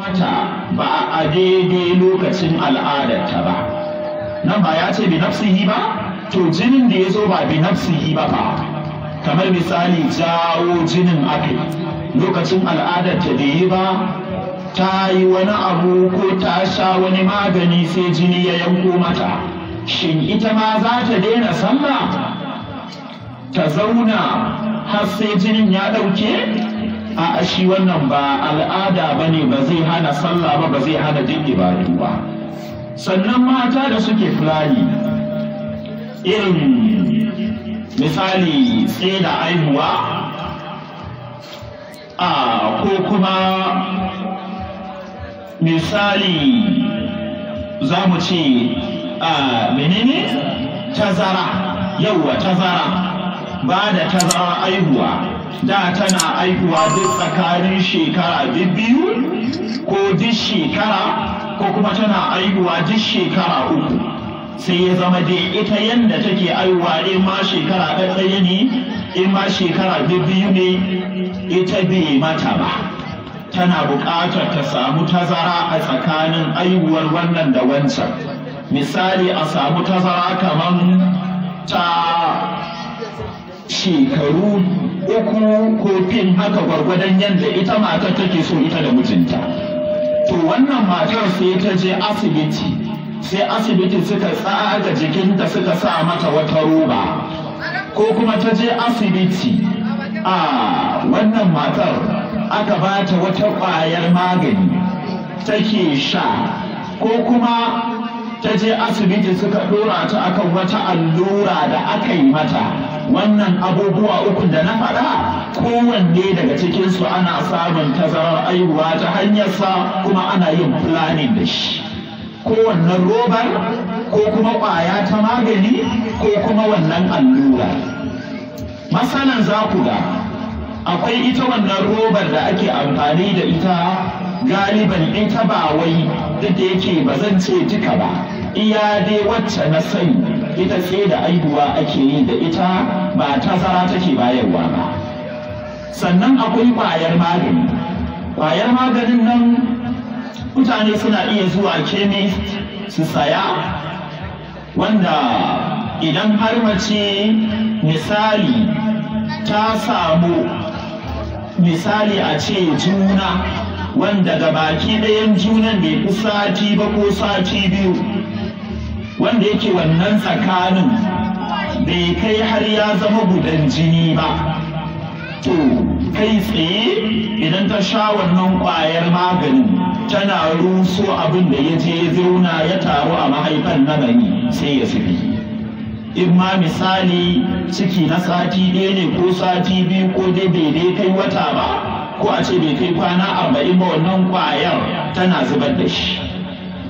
mata ba a daidai lokacin al'adarta ba nan ba ya ce bi nafsihi ba to jinin da ya zo ba bi nafsihi ba ba kamar misali jawo jinin ake lokacin al'adarta da yi ba ta yi wani abu ko ta sha wani magani sai jini ya yanko mata shin ita ma za ta daina sallah ta zauna har sai jinin ya ɗauke a shi wannan ba al'ada ba ne ba zai hana sallah ba ba zai hana jin ibadu ba sannan mata da suke fulani irin misali tsaye da aihuwa a ko kuma misali za mu ce a menene tazara yauwa tazara ba da tazara aihuwa da tana aihuwa duk tsakanin shekara biyu ko duk shekara ko kuma tana aihuwa duk shekara uku sai ya zama dai ita yadda take aihuwa in ma shekara ɗaya ne in ma shekara biyu ne ita bai mata ba tana buƙatar ta samu tazara a tsakanin aihuwar wannan da wancan misali a samu tazara kamar ta shekaru uku ko fin haka gwargwadon yadda ita matar take so ita da mijinta to wannan matar sai ta je asibiti sai asibiti suka tsaga jikinta suka sa mata wata roba ko kuma ta je asibiti a wannan matar aka ba ta wata kwayar magani take sha ko kuma ta je asibiti suka ɗora ta akan wata allura da aka yi mata wannan abubuwa uku da na faɗa kowanne daga cikinsu ana samun tazarar aihuwa ta hanyarsa kuma ana yin planning da shi kowannen robar ko kuma ƙwaya ta magani ko kuma wannan allura masanan za ku ga akwai ita wannan robar da ake amfani da ita galiban ita ba wai duk da yake ba zan ce duka ba iya dai wacce na sani ita ce da aihuwa ake yi da ita ba tazara take bayarwa ba sannan akwai ƙwayar magani ƙwayar maganin nan mutane suna iya zuwa kemis su saya wanda idan har mace misali ta samu misali a ce juna wanda ga baki ɗayan junan bai ku sati ba ko sati biyu wanda yake wannan tsakanin bai kai har ya zama gudan jini ba to kai tsaye idan ta sha wannan kwayar maganin tana ruso abin da ya je zauna ya taru a mahaifar na bani sai ya sufi in ma misali ciki na sati ɗaya ne ko sati biyu ko dai daidai kai wata ba ko a ce bai kai kwana arba'in ba wannan kwayar tana zubar da shi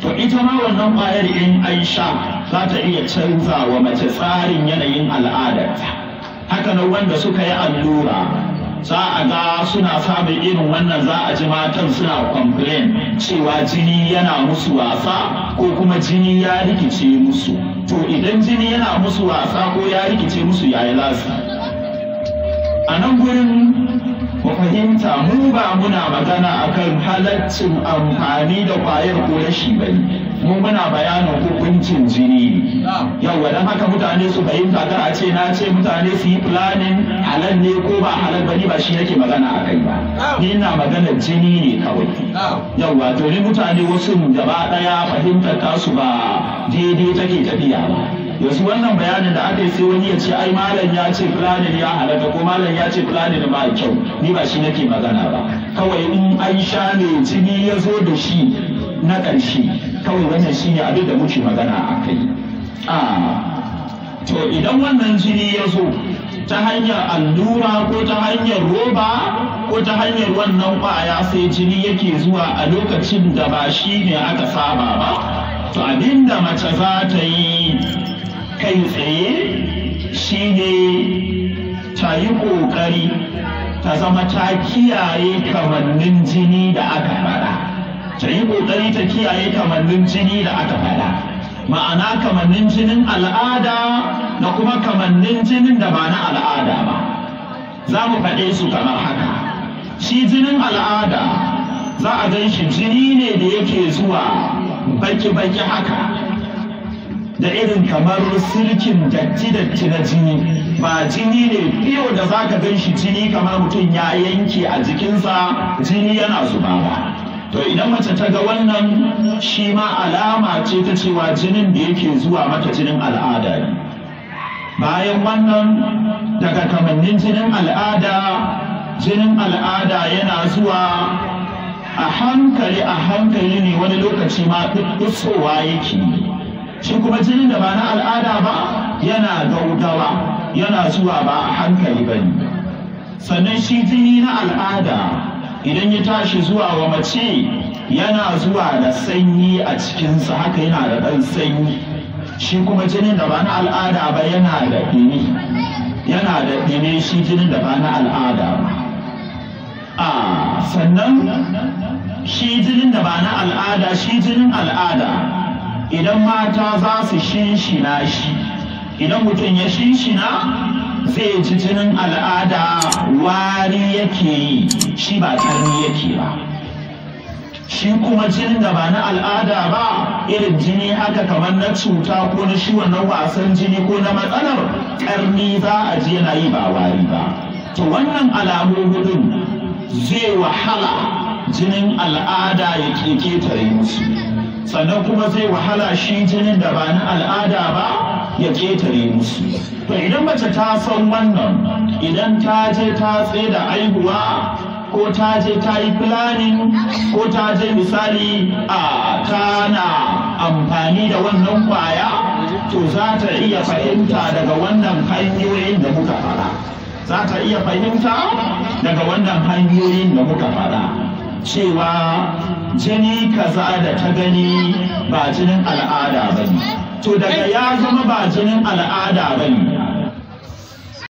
to ita ma wannan ƙwayar in an sha za ta iya canza wa mace tsarin yanayin al'adarta haka nan wanda suka yi allura za a ga suna samun irin wannan za a ji matan suna complain cewa jini yana musu wasa ko kuma jini ya rikice musu to idan jini yana musu wasa ko ya rikice musu yayi lasi a nan gurin fahimta mu ba muna magana akan halaccin amfani da kwayar ko rashi bane mu muna bayanin hukuncin jini ne yawa don haka mutane su fahimta kar a ce na ce mutane su yi planning halal ne ko ba halal ni ba shi yake magana a kai ba ni ina magana jini ne kawai yawa to ni mutane wasu gaba daya fahimtar tasu ba daidai take tafiya ba yanzu wannan bayanin da aka yi sai wani ya ce ai malam ya ce planning ya halaka ko malam ya ce planning ba kyau ni ba shi nake magana ba kawai in an ne jini ya zo da shi na ƙarshe kawai wannan shi ne abin da muke magana a kai a to idan wannan jini ya zo ta hanyar allura ko ta hanyar roba ko ta hanyar wannan kwaya sai jini yake zuwa a lokacin da ba shi ne aka saba ba to abinda mace za ta yi kai tsaye shi ne ta yi ƙoƙari ta zama ta kiyaye kamannin jini da aka faɗa ta yi ƙoƙari ta kiyaye kamannin jini da aka faɗa ma'ana kamannin jinin al'ada da kuma kamannin jinin da ba na al'ada ba za mu faɗe su kamar haka shi jinin al'ada za a gan shi jini ne da yake zuwa baki-baki haka da irin kamar silkin datti datti na jini ba jini ne fiye da zaka gan shi jini kamar mutum ya yanke a jikinsa jini yana zuba ba to idan mace ta ga wannan shi ma alama ce ta cewa jinin da yake zuwa mata jinin al'ada ne bayan wannan daga kamannin jinin al'ada jinin al'ada yana zuwa a hankali a hankali ne wani lokaci ma duk yake shi kuma jinin da ba na al'ada ba yana gaugawa yana zuwa ba a hankali ba sannan shi jini na al'ada idan ya tashi zuwa wa mace yana zuwa da sanyi a cikinsa haka yana da ɗan sanyi shi kuma jinin da ba na al'ada ba yana da ɗini yana da ɗini shi jinin da ba na al'ada ba a sannan shi jinin da ba na al'ada shi jinin al'ada idan mata za su shinshina shi idan mutum ya shinshina zai ji jinin al'ada wari yake yi shi ba karni yake ba shi kuma jinin da ba na al'ada ba irin jini haka kamar na cuta ko na shi wannan wasan jini ko na matsalar karni za a ji yana yi ba wari ba to wannan alamu hudun zai wahala jinin al'ada ya ƙetare musu sannan kuma zai wahala shi jinin da ba na al'ada ba ya ƙetare musu to idan mace ta san wannan idan ta je ta tsaye da aihuwa ko ta je ta yi planning ko ta je misali a tana amfani da wannan kwaya to za ta iya fahimta daga wannan hanyoyin da muka fara za ta iya fahimta daga wannan hanyoyin da muka fara cewa jini kaza da ta gani ba jinin al'ada ba ne to daga ya zama ba jinin al'ada ba ne